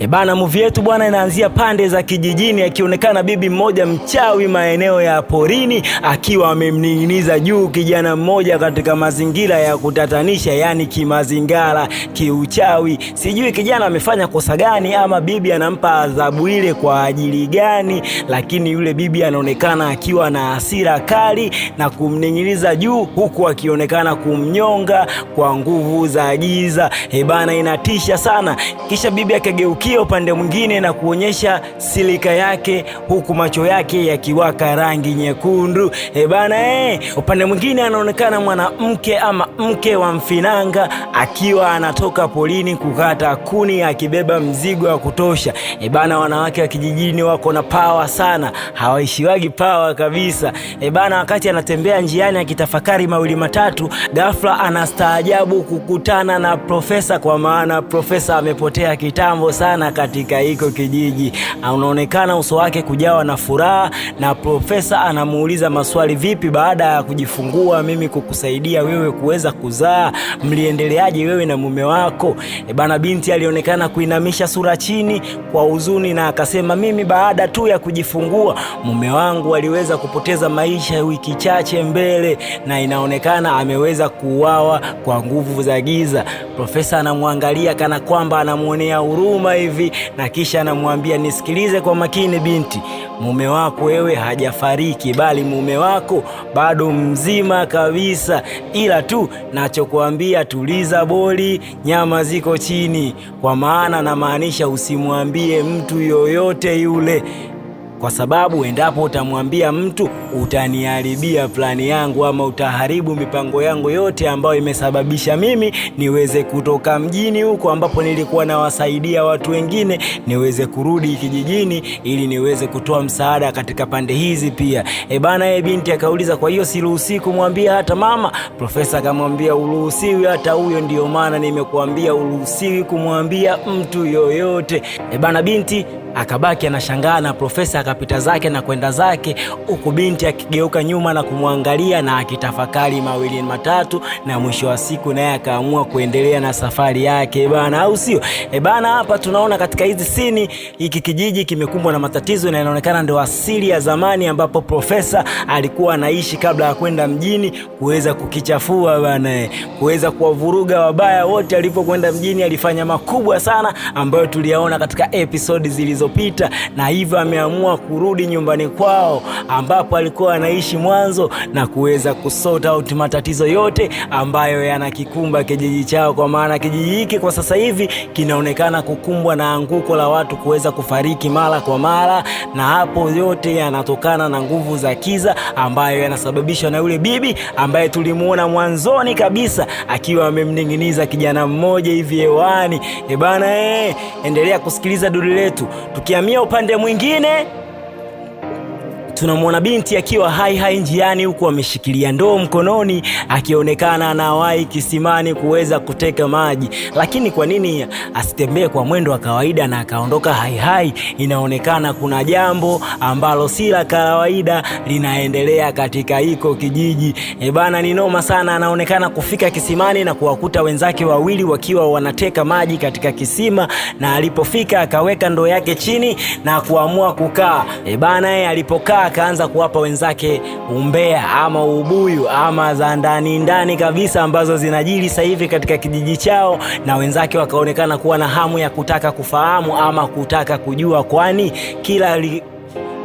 E bana, movie yetu bwana inaanzia pande za kijijini, akionekana bibi mmoja mchawi maeneo ya porini, akiwa amemning'iniza juu kijana mmoja katika mazingira ya kutatanisha, yani kimazingara, kiuchawi. Sijui kijana amefanya kosa gani ama bibi anampa adhabu ile kwa ajili gani, lakini yule bibi anaonekana akiwa na hasira kali na kumning'iniza juu, huku akionekana kumnyonga kwa nguvu za giza. E bana, inatisha sana. Kisha bibi akageuka sikio upande mwingine na kuonyesha silika yake huku macho yake yakiwaka rangi nyekundu. E bana eh, upande mwingine anaonekana mwanamke ama mke wa mfinanga akiwa anatoka polini kukata kuni akibeba mzigo wa kutosha. E bana, wanawake wa kijijini wako na pawa sana, hawaishiwagi pawa kabisa. E bana, wakati anatembea njiani akitafakari mawili matatu, ghafla anastaajabu kukutana na profesa, kwa maana profesa amepotea kitambo sana sana katika hiko kijiji. Ah, unaonekana uso wake kujawa na furaha, na profesa anamuuliza maswali, vipi baada ya kujifungua mimi kukusaidia wewe kuweza kuzaa, mliendeleaje wewe na mume wako? E bana, binti alionekana kuinamisha sura chini kwa huzuni na akasema, mimi baada tu ya kujifungua mume wangu aliweza kupoteza maisha wiki chache mbele, na inaonekana ameweza kuuawa kwa nguvu za giza. Profesa anamwangalia kana kwamba anamwonea huruma hivi, na kisha anamwambia nisikilize kwa makini binti, mume wako wewe hajafariki, bali mume wako bado mzima kabisa, ila tu nachokuambia, tuliza boli, nyama ziko chini. Kwa maana namaanisha usimwambie mtu yoyote yule kwa sababu endapo utamwambia mtu utaniharibia plani yangu ama utaharibu mipango yangu yote ambayo imesababisha mimi niweze kutoka mjini huko ambapo nilikuwa nawasaidia watu wengine niweze kurudi kijijini ili niweze kutoa msaada katika pande hizi pia. E bana, ye binti akauliza, kwa hiyo siruhusi kumwambia hata mama? Profesa akamwambia uruhusiwi hata huyo, ndio maana nimekuambia uruhusiwi kumwambia mtu yoyote. E bana, binti Akabaki anashangaa na profesa akapita zake na kwenda zake, huku binti akigeuka nyuma na kumwangalia na akitafakari mawili matatu, na mwisho wa siku naye akaamua kuendelea na safari yake e bana, au sio? E bana, hapa tunaona katika hizi sini, hiki kijiji kimekumbwa na matatizo na inaonekana ndio asili ya zamani ambapo profesa alikuwa anaishi kabla ya kwenda mjini kuweza kukichafua bana, e, kuweza kuwavuruga wabaya wote. Alipokwenda mjini alifanya makubwa sana ambayo tuliyaona katika episodi zilizo zilizopita, na hivyo ameamua kurudi nyumbani kwao ambapo alikuwa anaishi mwanzo na kuweza kusota out matatizo yote ambayo yanakikumba kijiji chao, kwa maana kijiji hiki kwa sasa hivi kinaonekana kukumbwa na anguko la watu kuweza kufariki mara kwa mara, na hapo yote yanatokana na nguvu za kiza ambayo yanasababishwa na yule bibi ambaye tulimuona mwanzoni kabisa akiwa amemning'iniza kijana mmoja hivi hewani. E bana, eh, endelea kusikiliza duri letu tukihamia upande mwingine tunamwona binti akiwa hai hai njiani, huku ameshikilia ndoo mkononi, akionekana anawahi kisimani kuweza kuteka maji. Lakini kwa nini asitembee kwa mwendo wa kawaida na akaondoka hai hai? Inaonekana kuna jambo ambalo si la kawaida linaendelea katika hiko kijiji. E bana, ni noma sana. Anaonekana kufika kisimani na kuwakuta wenzake wawili wakiwa wanateka maji katika kisima, na alipofika akaweka ndoo yake chini na kuamua kukaa. E bana, alipokaa akaanza kuwapa wenzake umbea ama ubuyu ama za ndani ndani kabisa ambazo zinajiri sasa hivi katika kijiji chao, na wenzake wakaonekana kuwa na hamu ya kutaka kufahamu ama kutaka kujua, kwani kila li,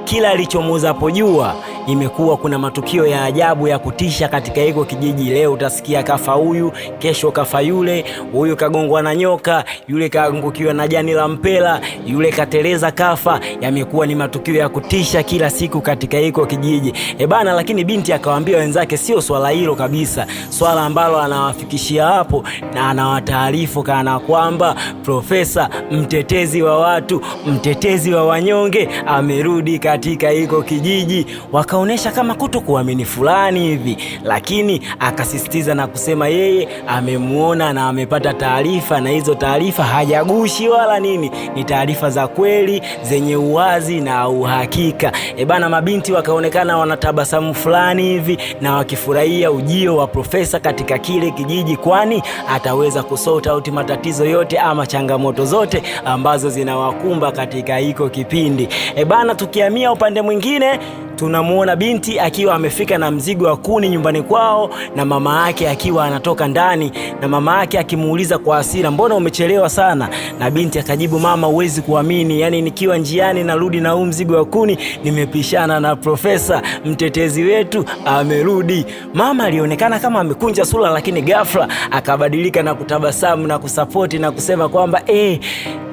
kila alichomuzapo jua imekuwa kuna matukio ya ajabu ya kutisha katika hiko kijiji. Leo utasikia kafa huyu, kesho kafa yule, huyu kagongwa na nyoka, yule kaangukiwa na jani la mpela, yule kateleza kafa. Yamekuwa ni matukio ya kutisha kila siku katika hiko kijiji e bana. Lakini binti akawaambia wenzake sio swala hilo kabisa, swala ambalo anawafikishia hapo na anawataarifu kana kwamba profesa mtetezi wa watu, mtetezi wa wanyonge amerudi katika hiko kijiji waka akaonyesha kama kuto kuamini fulani hivi, lakini akasisitiza na kusema yeye amemwona na amepata taarifa, na hizo taarifa hajagushi wala nini, ni taarifa za kweli zenye uwazi na uhakika. E bana, mabinti wakaonekana wanatabasamu fulani hivi na wakifurahia ujio wa profesa katika kile kijiji, kwani ataweza kusota out matatizo yote ama changamoto zote ambazo zinawakumba katika hiko kipindi. E bana, tukiamia upande mwingine tunamwona binti akiwa amefika na mzigo wa kuni nyumbani kwao na mama yake akiwa anatoka ndani, na mama yake akimuuliza kwa hasira, mbona umechelewa sana? Na binti akajibu, mama, huwezi kuamini, yani nikiwa njiani narudi na huu mzigo wa kuni nimepishana na profesa mtetezi wetu amerudi. Mama alionekana kama amekunja sura, lakini ghafla akabadilika na kutabasamu na kusapoti na kusema kwamba eh,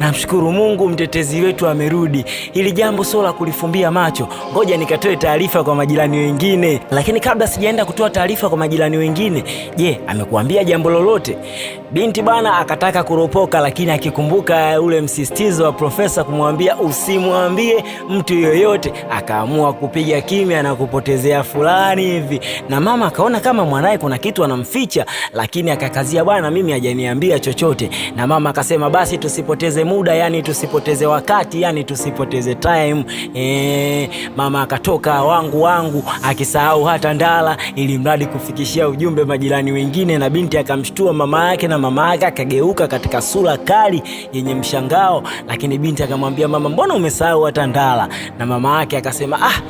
namshukuru Mungu mtetezi wetu amerudi. Hili jambo sio la kulifumbia macho, ngoja nikatoe nitoe taarifa kwa majirani wengine. Lakini kabla sijaenda kutoa taarifa kwa majirani wengine, je, amekuambia jambo lolote? Binti bana akataka kuropoka, lakini akikumbuka ule msisitizo wa profesa kumwambia usimwambie mtu yoyote, akaamua kupiga kimya na kupotezea fulani hivi, na mama akaona kama mwanaye kuna kitu anamficha, lakini akakazia, bwana, mimi hajaniambia chochote. Na mama akasema basi tusipoteze muda, yani tusipoteze wakati, yani tusipoteze time. E, mama akatoka mkaa wangu wangu, akisahau hata ndala, ili mradi kufikishia ujumbe majirani wengine. Na binti akamshtua mama yake, na mama yake akageuka katika sura kali yenye mshangao, lakini binti akamwambia mama, mbona umesahau hata ndala? Na mama yake akasema ah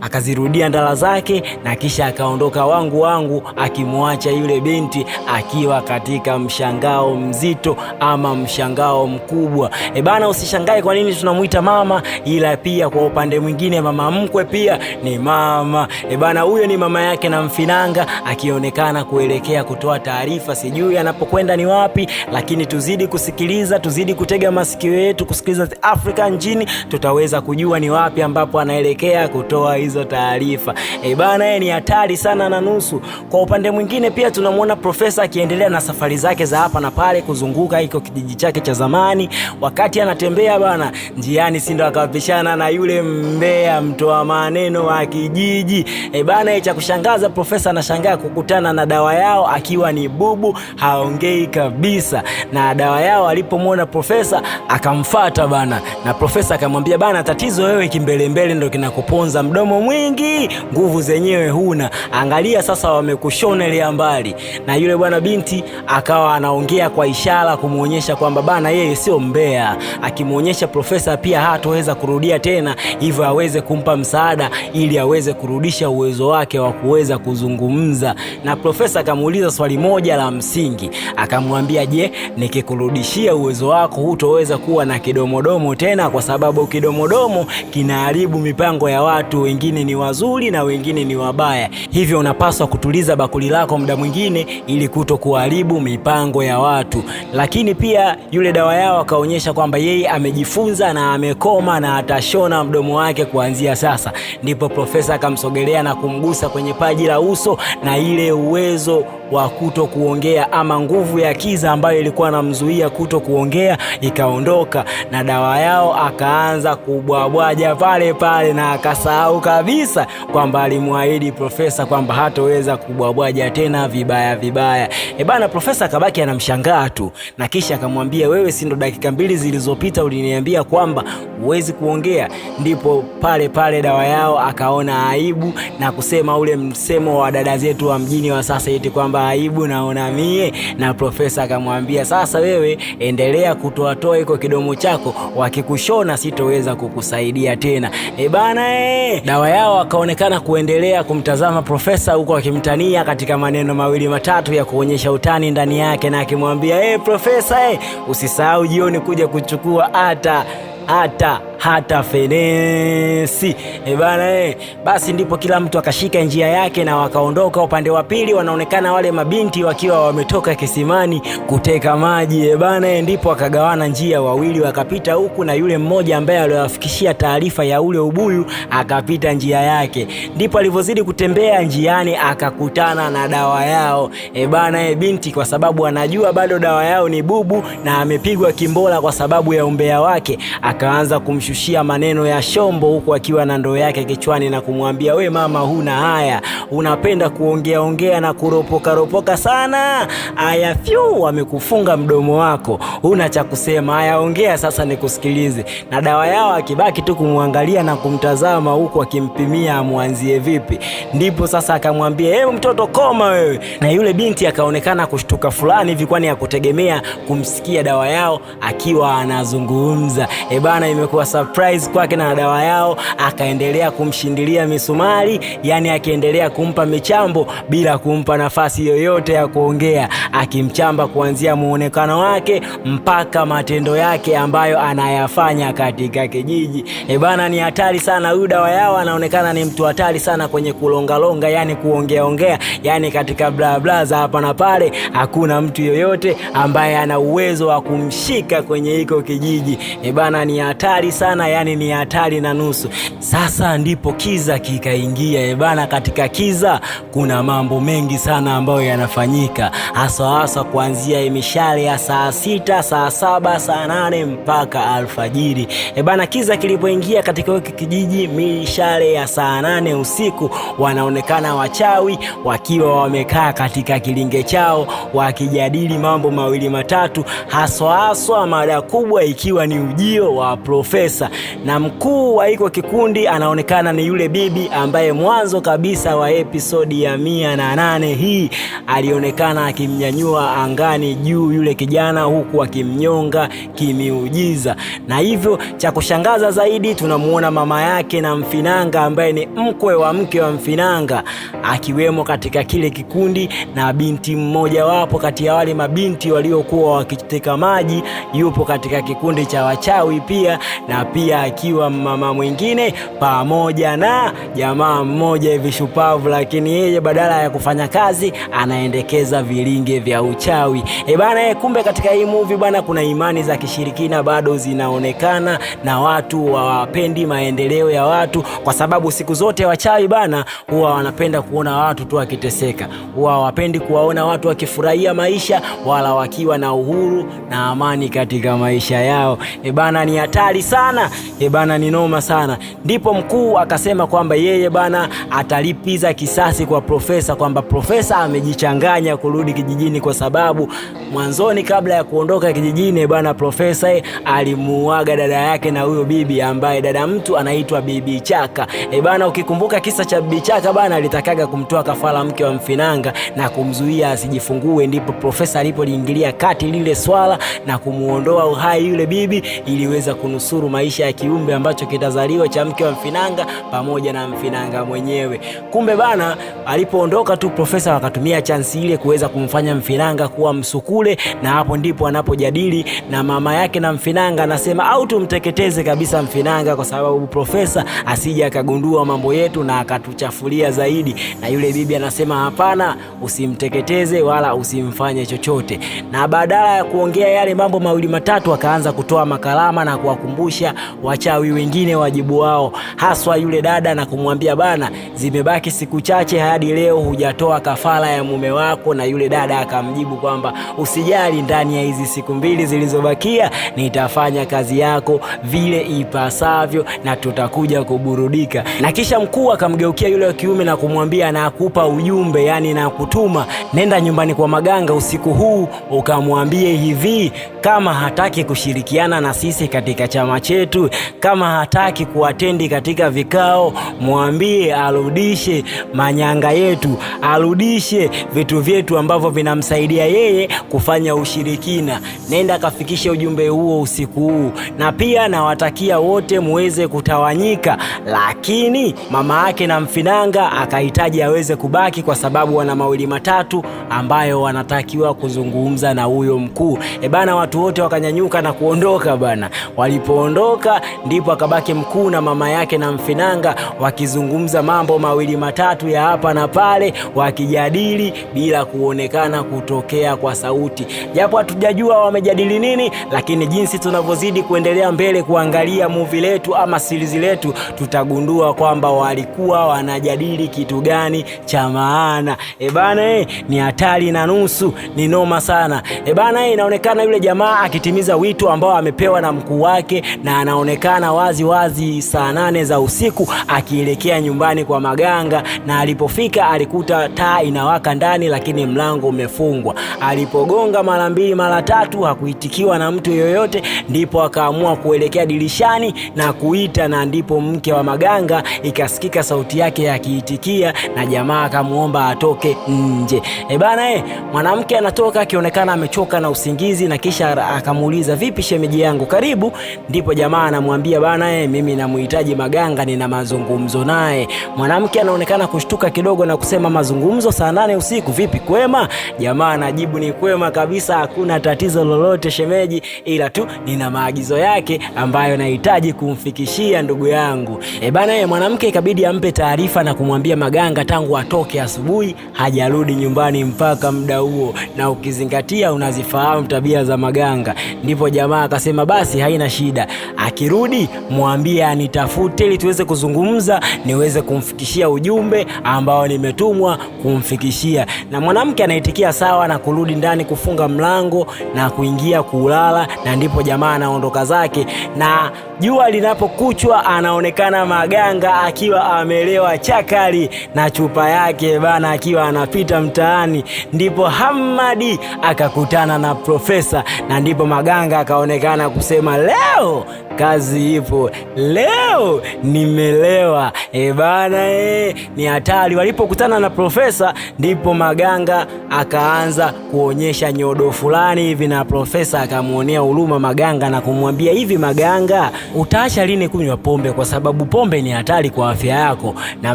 akazirudia ndala zake na kisha akaondoka wangu wangu, akimwacha yule binti akiwa katika mshangao mzito ama mshangao mkubwa. E bana, usishangae kwa nini tunamwita mama, ila pia kwa upande mwingine mama mkwe pia ni mama. E bana, huyo ni mama yake na mfinanga akionekana kuelekea kutoa taarifa, sijui anapokwenda ni wapi, lakini tuzidi kusikiliza, tuzidi kutega masikio yetu kusikiliza Afrika Nchini, tutaweza kujua ni wapi ambapo anaelekea kutoa hizo taarifa. E bana, yeye ni hatari sana na nusu. Kwa upande mwingine pia tunamwona profesa akiendelea na safari zake za hapa na pale kuzunguka hiko kijiji chake cha zamani. Wakati anatembea bana, njiani si ndo akapishana na yule mbea mtoa maneno wa kijiji. E bana, eh, cha kushangaza profesa anashangaa kukutana na dawa yao akiwa ni bubu, haongei kabisa. Na dawa yao alipomwona profesa akamfata bana, na profesa akamwambia bana, tatizo wewe kimbelembele ndo kinakuponza mdomo mwingi, nguvu zenyewe huna. Angalia sasa, wamekushona ile mbali. Na yule bwana binti akawa anaongea kwa ishara kumwonyesha kwamba bana yeye sio mbea, akimwonyesha profesa pia hatoweza kurudia tena, hivyo aweze kumpa msaada ili aweze kurudisha uwezo wake wa kuweza kuzungumza. Na profesa akamuuliza swali moja la msingi, akamwambia je, nikikurudishia uwezo wako hutoweza kuwa na kidomodomo tena, kwa sababu kidomodomo kinaharibu mipango ya watu wengine wengine ni wazuri na wengine ni wabaya, hivyo unapaswa kutuliza bakuli lako muda mwingine ili kuto kuharibu mipango ya watu. Lakini pia yule dawa yao akaonyesha kwamba yeye amejifunza na amekoma na atashona mdomo wake kuanzia sasa. Ndipo profesa akamsogelea na kumgusa kwenye paji la uso na ile uwezo wa kuto kuongea ama nguvu ya kiza ambayo ilikuwa namzuia kuto kuongea ikaondoka, na dawa yao akaanza kubwabwaja pale pale, na akasahau kabisa kwamba alimwahidi profesa kwamba hatoweza kubwabwaja tena vibaya vibaya. E bana, profesa akabaki anamshangaa tu, na kisha akamwambia, wewe si ndo dakika mbili zilizopita uliniambia kwamba huwezi kuongea? Ndipo pale pale dawa yao akaona aibu na kusema ule msemo wa dada zetu wa mjini wa sasa eti kwamba kunipa aibu naona mie. Na profesa akamwambia sasa, wewe endelea kutoatoa iko kidomo chako, wakikushona sitoweza kukusaidia tena. E bana e, dawa yao akaonekana kuendelea kumtazama profesa huko akimtania katika maneno mawili matatu ya kuonyesha utani ndani yake, na akimwambia e, profesa e, usisahau jioni kuja kuchukua hata hata hata fenesi. E eh, bana e. Eh, basi ndipo kila mtu akashika njia yake na wakaondoka. Upande wa pili wanaonekana wale mabinti wakiwa wametoka kisimani kuteka maji. E eh, bana e. ndipo akagawana njia, wawili wakapita huku na yule mmoja ambaye aliwafikishia taarifa ya ule ubuyu akapita njia yake. Ndipo alivyozidi kutembea njiani akakutana na dawa yao. E bana e, binti kwa sababu anajua bado dawa yao ni bubu na amepigwa kimbola kwa sababu ya umbea wake akaanza kumshu kumshushia maneno ya shombo huku akiwa na ndoo yake kichwani na kumwambia we mama, huna haya, unapenda kuongea ongea na kuropoka ropoka sana. Aya, fyu, wamekufunga mdomo wako, huna cha kusema. Aya, ongea sasa nikusikilize. Na dawa yao akibaki tu kumwangalia na kumtazama huku akimpimia amwanzie vipi. Ndipo sasa akamwambia hebu mtoto, koma wewe. Na yule binti akaonekana kushtuka fulani hivi, kwani ya kutegemea kumsikia dawa yao akiwa anazungumza. E bana, imekuwa surprise kwake na dawa yao, akaendelea kumshindilia misumari, yani akiendelea kumpa michambo bila kumpa nafasi yoyote ya kuongea, akimchamba kuanzia muonekano wake mpaka matendo yake ambayo anayafanya katika kijiji. E bana, ni hatari sana huyu dawa yao, anaonekana ni mtu hatari sana kwenye kulongalonga, yani kuongeaongea, yani katika bla bla za hapa na pale, hakuna mtu yoyote ambaye ana uwezo wa kumshika kwenye hiko kijiji. E bana, ni hatari sana sana, yani ni hatari na nusu. Sasa ndipo kiza kikaingia eh, bana. Katika kiza kuna mambo mengi sana ambayo yanafanyika, hasa hasa kuanzia eh, mishale ya saa sita, saa saba, saa nane mpaka alfajiri eh, bana Kiza kilipoingia katika hiki kijiji mishale ya saa nane usiku, wanaonekana wachawi wakiwa wamekaa katika kilinge chao wakijadili mambo mawili matatu, haswa haswa mada kubwa ikiwa ni ujio wa profesa kabisa, na mkuu wa iko kikundi anaonekana ni yule bibi ambaye mwanzo kabisa wa episodi ya mia na nane hii alionekana akimnyanyua angani juu yule kijana, huku akimnyonga kimiujiza, na hivyo cha kushangaza zaidi tunamuona mama yake na mfinanga ambaye ni mkwe wa mke wa mfinanga akiwemo katika kile kikundi, na binti mmojawapo kati ya wale mabinti waliokuwa wakiteka maji yupo katika kikundi cha wachawi pia na pia akiwa mama mwingine pamoja na jamaa mmoja hivi shupavu, lakini yeye badala ya kufanya kazi anaendekeza vilinge vya uchawi. E bana, kumbe katika hii movie bana, kuna imani za kishirikina bado zinaonekana na watu hawapendi maendeleo ya watu, kwa sababu siku zote wachawi bana huwa wanapenda kuona watu tu wakiteseka, huwa hawapendi kuwaona watu wakifurahia maisha wala wakiwa na uhuru na amani katika maisha yao. E bana, ni hatari sana sana ye eh, bana, ni noma sana. Ndipo mkuu akasema kwamba yeye bana atalipiza kisasi kwa profesa, kwamba profesa amejichanganya kurudi kijijini, kwa sababu mwanzoni kabla ya kuondoka kijijini bana, profesa eh, alimuuaga dada yake na huyo bibi ambaye dada mtu anaitwa Bibi Chaka e bana, ukikumbuka kisa cha Bibi Chaka bana, alitakaga kumtoa kafara mke wa mfinanga na kumzuia asijifungue, ndipo profesa alipoliingilia kati lile swala na kumuondoa uhai yule bibi, iliweza kunusuru maisha ya kiumbe ambacho kitazaliwa cha mke wa mfinanga pamoja na mfinanga mwenyewe. Kumbe bana, alipoondoka tu profesa wakatumia chansi ile kuweza kumfanya mfinanga kuwa msukule, na hapo ndipo anapojadili na mama yake na mfinanga, anasema au tumteketeze kabisa mfinanga, kwa sababu profesa asije akagundua mambo yetu na akatuchafulia zaidi. Na yule bibi anasema hapana, usimteketeze wala usimfanye chochote, na badala ya kuongea yale mambo mawili matatu akaanza kutoa makalama na kuwakumbusha kuwaambia wachawi wengine wajibu wao, haswa yule dada na kumwambia bana, zimebaki siku chache hadi leo hujatoa kafara ya mume wako, na yule dada akamjibu kwamba usijali, ndani ya hizi siku mbili zilizobakia nitafanya kazi yako vile ipasavyo na tutakuja kuburudika. Na kisha mkuu akamgeukia yule wa kiume na kumwambia, nakupa ujumbe, yani nakutuma, nenda nyumbani kwa maganga usiku huu ukamwambie hivi, kama hataki kushirikiana na sisi katika chama chetu zetu. Kama hataki kuatendi katika vikao, mwambie arudishe manyanga yetu, arudishe vitu vyetu ambavyo vinamsaidia yeye kufanya ushirikina. Nenda kafikishe ujumbe huo usiku huu, na pia nawatakia wote muweze kutawanyika, lakini mama yake na mfinanga akahitaji aweze kubaki kwa sababu wana mawili matatu ambayo wanatakiwa kuzungumza na huyo mkuu. E bana, watu wote wakanyanyuka na kuondoka bana, walipoondoka kuondoka, ndipo akabaki mkuu na mama yake na Mfinanga wakizungumza mambo mawili matatu ya hapa na pale, wakijadili bila kuonekana kutokea kwa sauti, japo hatujajua wamejadili nini, lakini jinsi tunavyozidi kuendelea mbele kuangalia muvi letu ama series letu, tutagundua kwamba walikuwa wanajadili kitu gani cha maana. E bana, eh, ni hatari na nusu, ni noma sana. E bana, eh, inaonekana yule jamaa akitimiza wito ambao amepewa na mkuu wake na anaonekana wazi wazi saa nane za usiku akielekea nyumbani kwa Maganga, na alipofika alikuta taa inawaka ndani, lakini mlango umefungwa. Alipogonga mara mbili mara tatu hakuitikiwa na mtu yoyote, ndipo akaamua kuelekea dirishani na kuita, na ndipo mke wa Maganga ikasikika sauti yake akiitikia, na jamaa akamuomba atoke nje. E bana e, mwanamke anatoka akionekana amechoka na usingizi, na kisha akamuuliza vipi shemeji yangu, karibu. Ndipo jamaa jamaa anamwambia bana, eh, mimi namhitaji Maganga, nina mazungumzo naye. Mwanamke anaonekana kushtuka kidogo na kusema mazungumzo saa nane usiku vipi, kwema? Jamaa anajibu ni kwema kabisa, hakuna tatizo lolote shemeji, ila tu nina maagizo yake ambayo nahitaji kumfikishia ndugu yangu. E bana, eh, mwanamke ikabidi ampe taarifa na kumwambia Maganga tangu atoke asubuhi hajarudi nyumbani mpaka muda huo, na ukizingatia unazifahamu tabia za Maganga. Ndipo jamaa akasema basi haina shida Akirudi mwambie anitafute ili tuweze kuzungumza, niweze kumfikishia ujumbe ambao nimetumwa kumfikishia. Na mwanamke anaitikia sawa na kurudi ndani kufunga mlango na kuingia kulala, na ndipo jamaa anaondoka zake. Na jua linapokuchwa, anaonekana Maganga akiwa amelewa chakali na chupa yake bana, akiwa anapita mtaani, ndipo Hamadi akakutana na Profesa, na ndipo Maganga akaonekana kusema leo kazi ipo. Leo nimelewa e bana, e, ni hatari. Walipokutana na profesa, ndipo Maganga akaanza kuonyesha nyodo fulani hivi, na profesa akamwonea huruma Maganga na kumwambia hivi, Maganga, utaacha lini kunywa pombe? Kwa sababu pombe ni hatari kwa afya yako. Na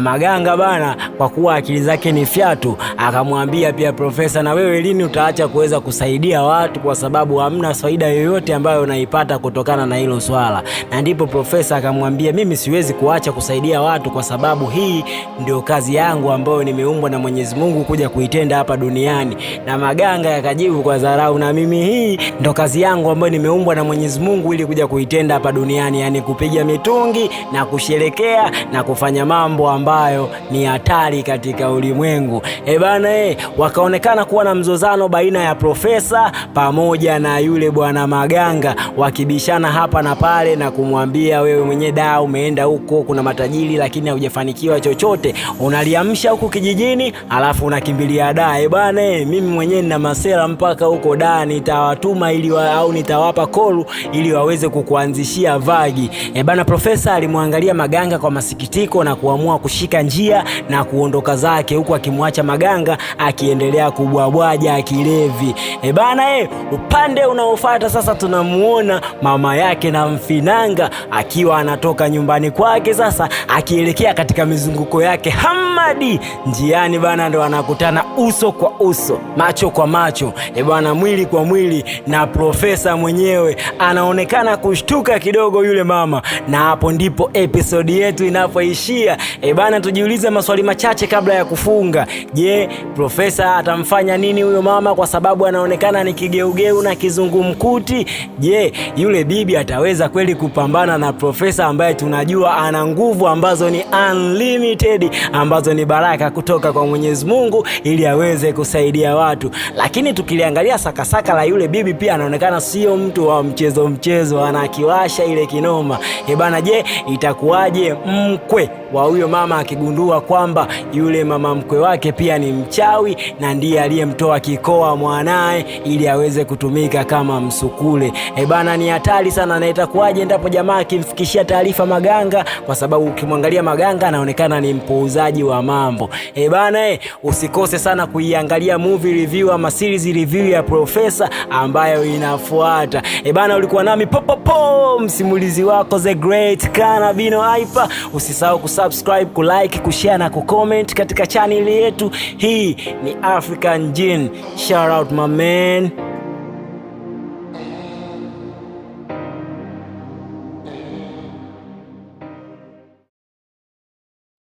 Maganga bana, kwa kuwa akili zake ni fyatu, akamwambia pia profesa, na wewe lini utaacha kuweza kusaidia watu, kwa sababu hamna faida yoyote ambayo unaipata kutokana na hilo swala kulala, na ndipo profesa akamwambia, mimi siwezi kuacha kusaidia watu kwa sababu hii ndio kazi yangu ambayo nimeumbwa na Mwenyezi Mungu kuja kuitenda hapa duniani. Na Maganga yakajibu kwa dharau, na mimi hii ndio kazi yangu ambayo nimeumbwa na Mwenyezi Mungu ili kuja kuitenda hapa duniani, yani kupiga mitungi na kusherekea na kufanya mambo ambayo ni hatari katika ulimwengu. E bana, e, wakaonekana kuwa na mzozano baina ya profesa pamoja na yule bwana Maganga wakibishana hapa na pale pale na kumwambia wewe mwenye da, umeenda huko kuna matajiri lakini haujafanikiwa chochote, unaliamsha huku kijijini, alafu unakimbilia da. E eh bwana, eh, mimi mwenyewe nina masela mpaka huko da, nitawatuma ili wa, au nitawapa kolu ili waweze kukuanzishia vagi. E bwana, profesa alimwangalia Maganga kwa masikitiko na kuamua kushika njia na kuondoka zake, huku akimwacha Maganga akiendelea kubwabwaja akilevi. E bwana, eh upande unaofuata sasa tunamuona mama yake na Finanga akiwa anatoka nyumbani kwake sasa akielekea katika mizunguko yake. Hamadi njiani bana, ndo anakutana uso kwa uso, macho kwa macho, e bwana, mwili kwa mwili na profesa mwenyewe. Anaonekana kushtuka kidogo yule mama, na hapo ndipo episodi yetu inapoishia. E bana, tujiulize maswali machache kabla ya kufunga. Je, profesa atamfanya nini huyo mama, kwa sababu anaonekana ni kigeugeu na kizungumkuti? Je, yule bibi ataweza kweli kupambana na profesa ambaye tunajua ana nguvu ambazo ni unlimited, ambazo ni baraka kutoka kwa Mwenyezi Mungu ili aweze kusaidia watu. Lakini tukiliangalia sakasaka la yule bibi, pia anaonekana sio mtu wa mchezo mchezo, anakiwasha ile kinoma. Eh bana, je, itakuwaje mkwe wa huyo mama akigundua kwamba yule mama mkwe wake pia ni mchawi na ndiye aliyemtoa kikoa mwanaye ili aweze kutumika kama msukule? Eh bana, ni hatari sana na itakuwa Itakuwaje endapo jamaa akimfikishia taarifa Maganga? Kwa sababu ukimwangalia Maganga anaonekana ni mpuuzaji wa mambo. Eh bana, eh, usikose sana kuiangalia movie review ama series review ya Profesa ambayo inafuata. Eh bana, ulikuwa nami popopo msimulizi wako The Great Kanabino Hyper. Usisahau kusubscribe, kulike, kushare na kucomment katika chaneli yetu hii. Ni African Gene. Shout out my man.